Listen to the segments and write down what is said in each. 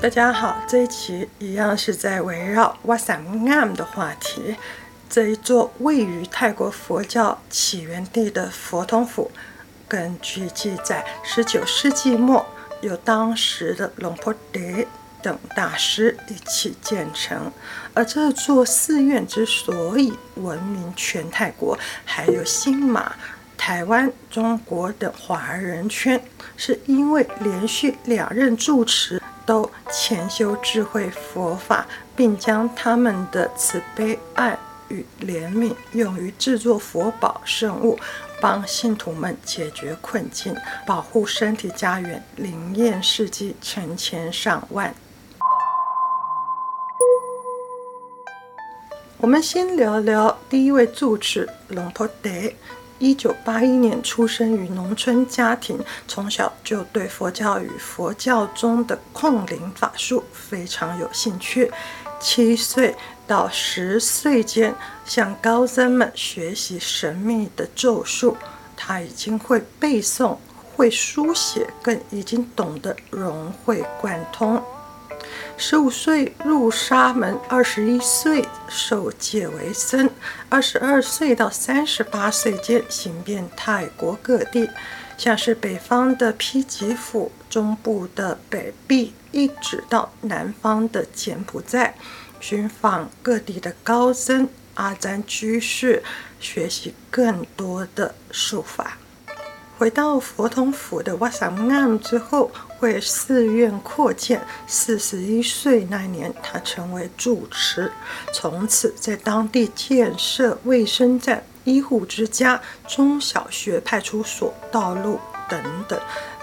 大家好，這一期一樣是在圍繞哇 a t a m 的話題。這一座位於泰國佛教起源地的佛統府，根據記載，19世紀末由當時的龍婆蝶等大師一起建成。而這座寺院之所以聞名全泰國，還有新馬、台灣、中國等華人圈，是因為連續兩任住持。都潛修智慧佛法，並將他們的慈悲愛與憐憫用於製作佛寶聖物，幫信徒們解決困境，保護身體家園。靈驗事跡成千上萬。我們先聊聊第一位住持龍婆嗲。一九八一年出生於農村家庭，從小就對佛教與佛教中的控靈法術非常有興趣。七歲到十歲間，向高僧們學習神秘的咒術，他已經會背誦、會書寫，更已經懂得融會貫通。十五歲入沙門，二十一歲受戒為僧，二十二歲到三十八歲間，行遍泰國各地，像是北方的披吉府、中部的北碧，一直到南方的柬埔寨，尋訪各地的高僧，阿占居士，學習更多的術法。回到佛統府的瓦薩三岸之後。為寺院擴建。四十一歲那年，他成為住持，從此在當地建設衛生站、醫護之家、中小學、派出所、道路等等，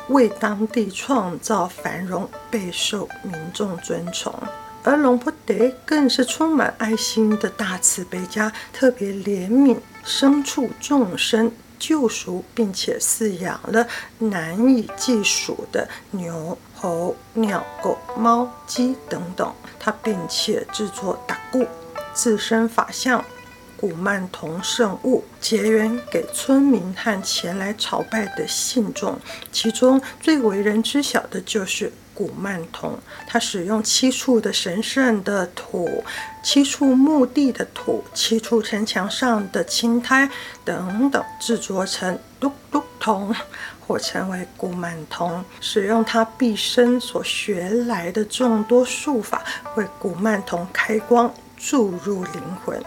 為當地創造繁榮，備受民眾尊崇。而龍波嗲更是充滿愛心的大慈悲家，特別憐憫、牲畜眾生。救贖，並且飼養了難以計數的牛猴、猴、鳥、狗、貓、雞等等，他並且製作打鼓、自身法相、古曼童聖物，結緣給村民和前來朝拜的信眾，其中最為人知曉的就是。古曼童，他使用七處的神聖的土、七處墓地的土、七處城牆上的青苔等等，製作成嘟嘟童，或稱為古曼童。使用他畢生所學來的眾多術法，為古曼童開光，注入靈魂，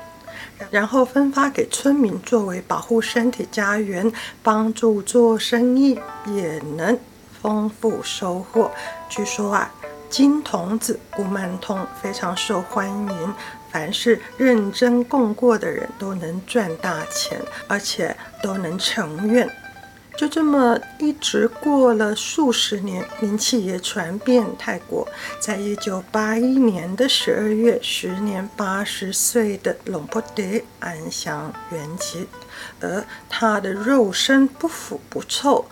然後分發給村民，作為保護身體、家園，幫助做生意，也能。豐富收穫，據說啊，金童子古曼童非常受歡迎，凡是認真供過的人都能賺大錢，而且都能成願。就這麼一直過了數十年，名氣也傳遍泰國。在一九八一年的十二月，時年八十歲的龍波嗲安詳圓寂，而他的肉身不腐不臭，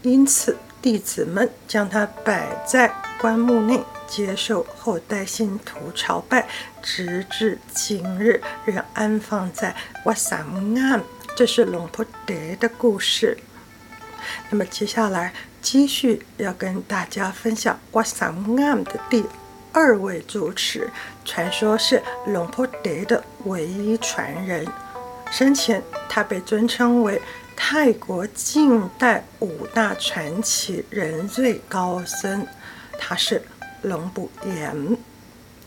因此。弟子們將他擺在棺木內，接受後代信徒朝拜，直至今日仍安放在瓦三岸，這是龍波嗲的故事。那麼接下來繼續要跟大家分享瓦三岸的第二位住持，傳說是龍波嗲的唯一傳人。生前，他被尊稱為泰國近代五大傳奇人瑞高僧，他是龍普嚴。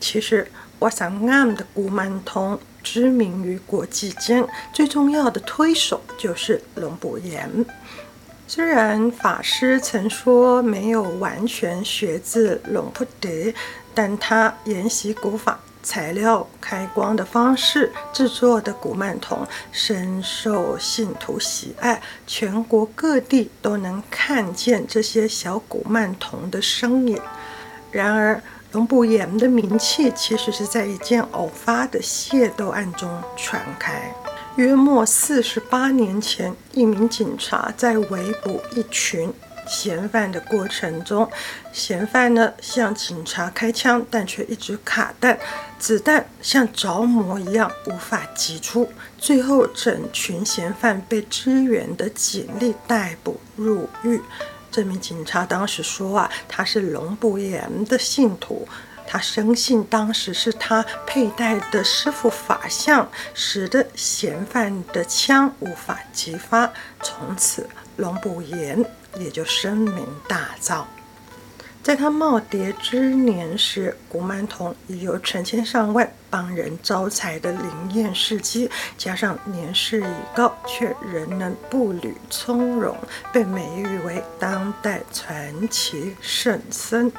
其實，瓦三岸的古曼童知名於國際間，最重要的推手就是龍普嚴。雖然法師曾說沒有完全學自龍波嗲，但他研習古法。材料開光的方式製作的古曼童深受信徒喜愛，全國各地都能看見這些小古曼童的身影。然而，龍普嚴的名氣其實是在一件偶發的械鬥案中傳開。約莫四十八年前，一名警察在圍捕一群。嫌犯的過程中，嫌犯呢，向警察開槍，但卻一直卡彈，子彈像着魔一樣無法擊出。最後，整群嫌犯被支援的警力逮捕入獄。這名警察當時說啊，他是龍普嚴的信徒，他深信當時是他佩戴的師父法相，使得嫌犯的槍無法擊發。從此，龍普嚴。也就聲名大噪。在他耄耋之年時，古曼童已有成千上萬幫人招財的靈驗事跡，加上年事已高卻仍能步履從容，被美譽為當代傳奇聖僧。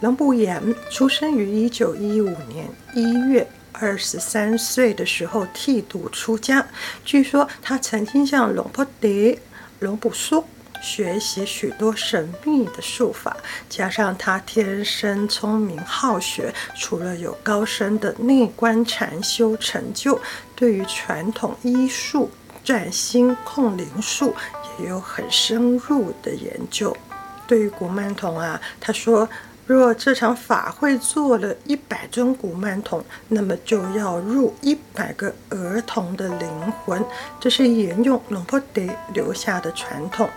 龍普嚴出生於一九一五年一月，二十三歲的時候剃度出家。據說他曾經向龍波嗲、龍布蘇。學習許多神秘的術法，加上他天生聰明好學，除了有高深的內觀禪修成就，對於傳統醫術、占星控靈術也有很深入的研究。對於古曼童啊，他說：若這場法會做了一百尊古曼童，那麼就要入一百個兒童的靈魂，這是沿用龍波嗲留下的傳統。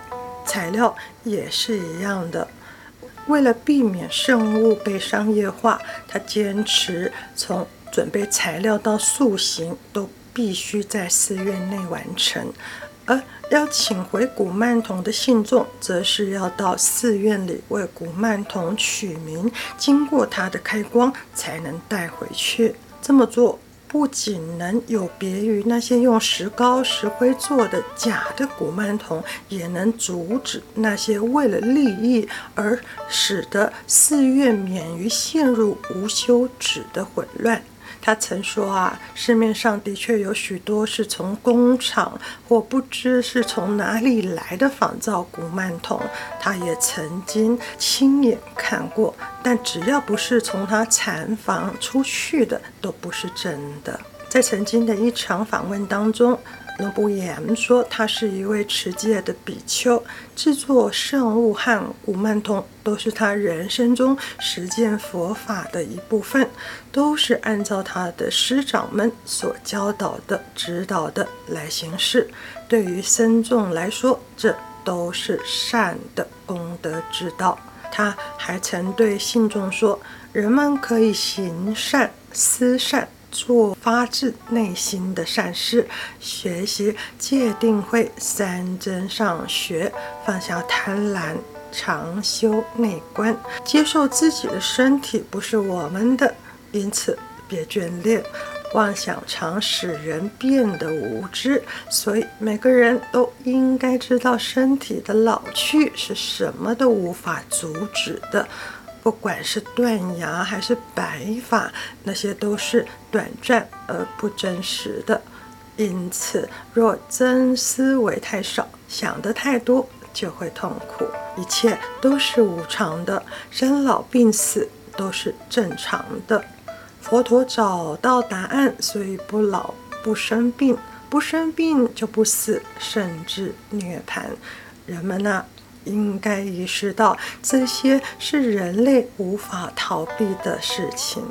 材料也是一樣的，為了避免聖物被商業化，他堅持從準備材料到塑形都必須在寺院內完成。而要請回古曼童的信眾，則是要到寺院裡為古曼童取名，經過他的開光才能帶回去。這麼做，不僅能有別於那些用石膏、石灰做的假的古曼童，也能阻止那些為了利益而使得寺院免於陷入無休止的混亂。他曾說啊，市面上的確有許多是從工廠或不知是從哪裡來的仿造古曼童。他也曾經親眼看過，但只要不是從他禪房出去的，都不是真的。在曾經的一場訪問當中。龍普嚴說，他是一位持戒的比丘，製作聖物和古曼童都是他人生中實踐佛法的一部分，都是按照他的師長們所教導的、指導的來行事。對於僧眾來說，這都是善的功德之道。他還曾對信眾說：“人們可以行善、思善。”做發自內心的善事，學習戒定慧三增上學，放下貪婪，長修內觀，接受自己的身體不是我們的，因此別眷戀。妄想常使人變得無知，所以每個人都應該知道，身體的老去是什麼都無法阻止的。不管是斷牙還是白髮，那些都是短暫而不真實的。因此，若真思維太少，想得太多就會痛苦。一切都是無常的，生老病死都是正常的。佛陀找到答案，所以不老、不生病、不生病就不死，甚至涅槃。人們呢、啊？應該意識到，這些是人類無法逃避的事情。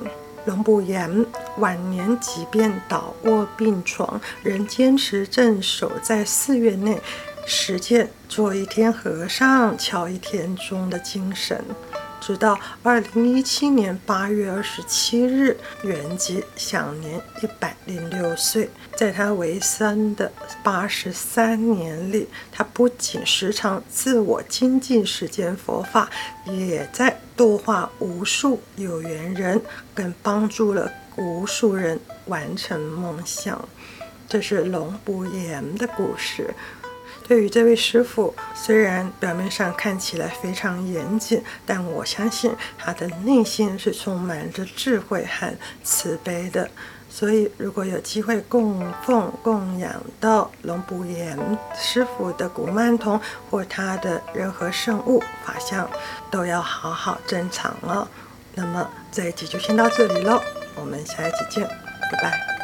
龍普嚴晚年即便倒臥病床，仍堅持鎮守在寺院內，實踐做一天和尚敲一天鐘的精神。直到二零一七年八月二十七日圓寂，享年一百零六歲。在他為僧的八十三年裡，他不僅時常自我精進，實踐佛法，也在度化無數有緣人，更幫助了無數人完成夢想。這是龍普嚴的故事。對於這位師傅，雖然表面上看起來非常嚴謹，但我相信他的內心是充滿着智慧和慈悲的。所以，如果有機會供奉供養到龍普嚴師傅的古曼童或他的任何聖物法像，都要好好珍藏了。那麼這一集就先到這裡嘍，我們下一集見，拜拜。